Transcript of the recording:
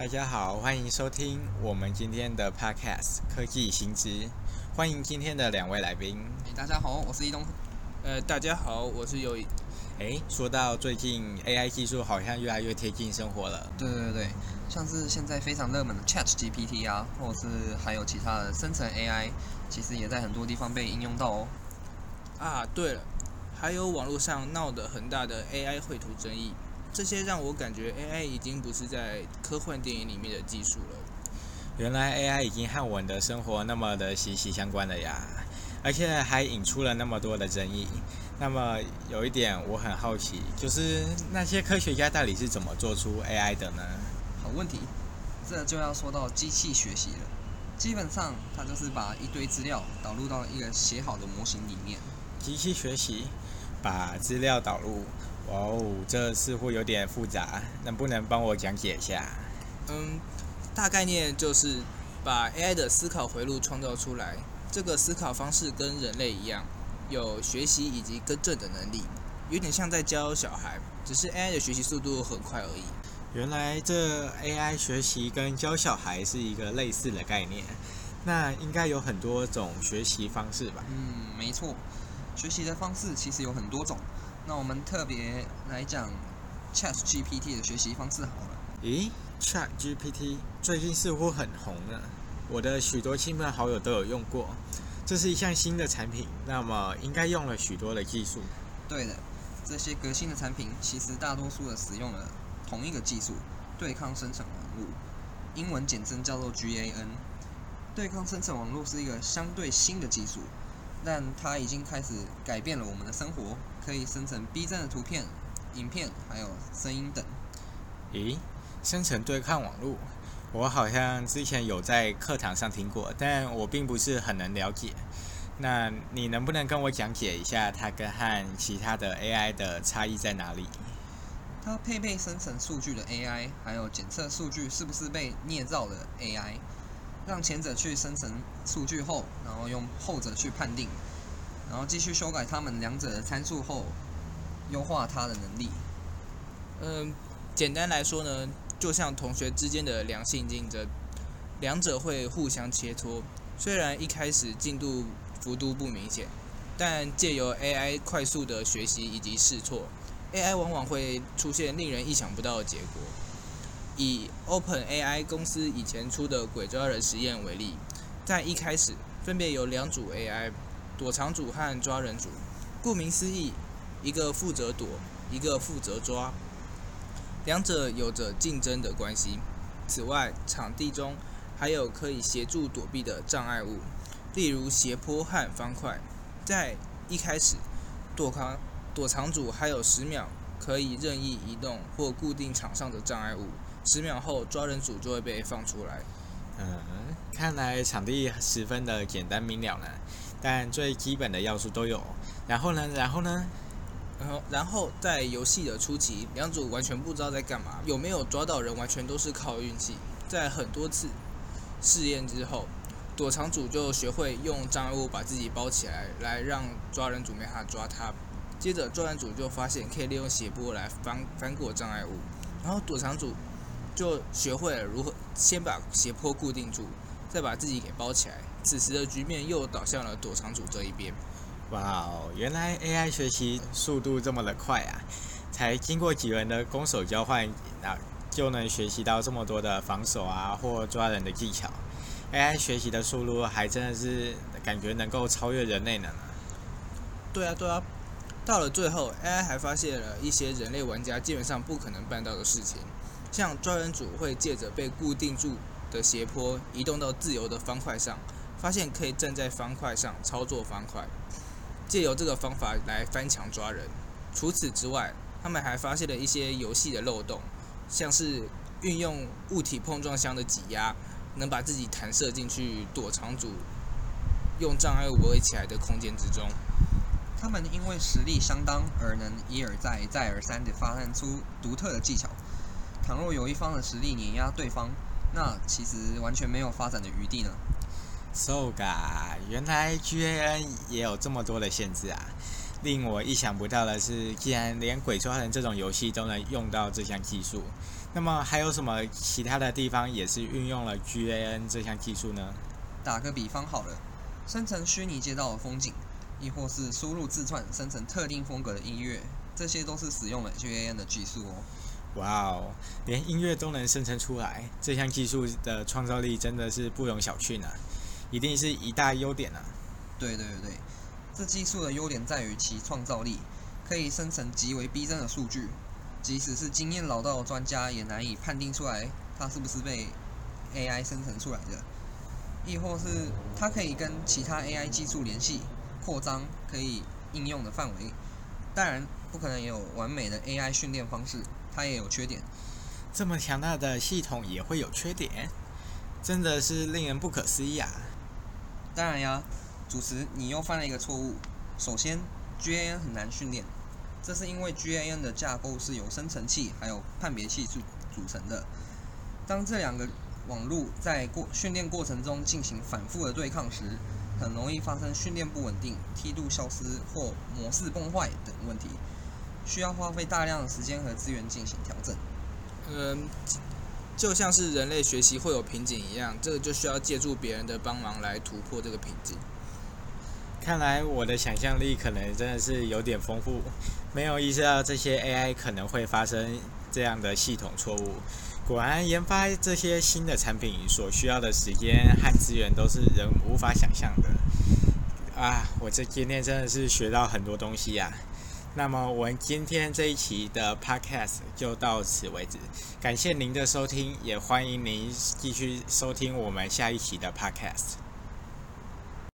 大家好，歡迎收聽我們今天的 podcast 科技新知。歡迎今天的兩位來賓。誒，大家好，我是易東。呃，大家好，我是有。誒，說到最近 AI 技術好像越來越貼近生活了。對對對，像是現在非常熱門的 ChatGPT 啊，或是還有其他的生成 AI，其實也在很多地方被應用到哦。啊，對了，還有網絡上鬧得很大的 AI 繪圖爭議。這些讓我感覺 AI 已經不是在科幻電影裡面的技術了。原來 AI 已經和我們的生活那麼的息息相關了呀，而且還引出了那麼多的爭議。那麼有一點我很好奇，就是那些科學家到底是怎麼做出 AI 的呢？好問題，這就要說到機器學習了。基本上，它就是把一堆資料導入到一個寫好的模型裡面。機器學習，把資料導入。哦，oh，這似乎有點複雜，能不能幫我講解一下？嗯，大概念就是把 AI 的思考回路創造出來，這個思考方式跟人類一樣，有學習以及更正的能力，有點像在教小孩，只是 AI 的學習速度很快而已。原來這 AI 學習跟教小孩是一個類似的概念，那應該有很多種學習方式吧？嗯，沒錯，學習的方式其實有很多種。那我們特別來講 ChatGPT 的學習方式好了。咦，ChatGPT 最近似乎很紅了，我的許多親朋好友都有用過。這是一項新的產品，那麼應該用了許多的技術。對的，這些革新的產品其實大多數的使用了同一個技術，對抗生成網絡。英文簡稱叫做 GAN。對抗生成網絡是一個相對新的技術。但它已經開始改變了我們的生活，可以生成 B 站的圖片、影片，還有聲音等。誒，生成對抗網絡？我好像之前有在課堂上聽過，但我並不是很能了解。那你能不能跟我講解一下它跟和其他的 AI 的差異在哪裡？它配備生成數據的 AI，還有檢測數據是不是被捏造的 AI？讓前者去生成數據後，然後用後者去判定，然後繼續修改他們兩者的參數後，優化它的能力。嗯、呃，簡單來說呢，就像同學之間的良性競爭，兩者會互相切磋。雖然一開始進度幅度不明顯，但借由 AI 快速的學習以及試錯，AI 往往會出現令人意想不到的結果。以 OpenAI 公司以前出的“鬼抓人”實驗為例，在一開始，分別有兩組 AI，躲藏組和抓人組。顧名思義，一個負責躲，一個負責抓，兩者有着競爭的關係。此外，場地中還有可以協助躲避的障礙物，例如斜坡和方塊。在一開始，躲藏躲藏組還有十秒可以任意移動或固定場上的障礙物。十秒後，抓人組就會被放出來。嗯，看來，場地十分的簡單明了呢，但最基本的要素都有。然後呢？然後呢？然後然後在遊戲的初期，兩組完全不知道在幹嘛，有沒有抓到人完全都是靠運氣。在很多次試驗之後，躲藏組就學會用障礙物把自己包起來，來讓抓人組沒法抓他。接着，抓人組就發現可以利用斜坡來翻翻過障礙物，然後躲藏組。就學會了如何先把斜坡固定住，再把自己給包起來。此時的局面又倒向了躲藏組這一邊。哇哦，原來 AI 學習速度這麼的快啊！才經過幾輪的攻守交換，啊，就能學習到這麼多的防守啊或抓人的技巧。AI 學習的速度還真的是感覺能夠超越人類呢啊。對啊對啊，到了最後，AI 還發現了一些人類玩家基本上不可能辦到的事情。像抓人組會借着被固定住的斜坡移動到自由的方塊上，發現可以站在方塊上操作方塊，借由這個方法來翻牆抓人。除此之外，他們還發現了一些遊戲的漏洞，像是運用物體碰撞箱的擠壓，能把自己彈射進去躲藏組用障礙物圍起來的空間之中。他們因為實力相當而能一而再、再而三地發展出獨特的技巧。倘若有一方的實力碾壓對方，那其實完全沒有發展的餘地了。嗖嘎，原來 GAN 也有這麼多的限制啊！令我意想不到的是，既然連《鬼抓人》這種遊戲都能用到這項技術，那麼還有什麼其他的地方也是運用了 GAN 這項技術呢？打個比方好了，生成虛擬街道的風景，亦或是輸入字串生成特定風格的音樂，這些都是使用了 GAN 的技術哦。哇哦！Wow, 連音樂都能生成出來，這項技術的創造力真的是不容小覷呢，啊，一定是一大優點啊。對對對，這技術的優點在於其創造力，可以生成極為逼真的數據，即使是經驗老道的專家也難以判定出來它是不是被 AI 生成出來的。亦或是它可以跟其他 AI 技術聯繫，擴張可以應用的範圍。當然，不可能有完美的 AI 訓練方式。它也有缺點，這麼強大的系統也會有缺點，真的是令人不可思議啊！當然呀，主持你又犯了一個錯誤。首先，GAN 很難訓練，這是因為 GAN 的架構是由生成器還有判別器組組成的。當這兩個網絡在過訓練過程中進行反覆的對抗時，很容易發生訓練不穩定、梯度消失或模式崩壞等問題。需要花費大量的時間和資源進行調整，嗯，就像是人類學習會有瓶頸一樣，這個就需要借助別人的幫忙來突破這個瓶頸。看來我的想象力可能真的是有點豐富，沒有意識到這些 AI 可能會發生這樣的系統錯誤。果然，研發這些新的產品所需要的時間和資源都是人無法想象的。啊，我這今天真的是學到很多東西呀，啊！那麼，我們今天這一期的 podcast 就到此為止。感謝您的收聽，也歡迎您繼續收聽我們下一期的 podcast。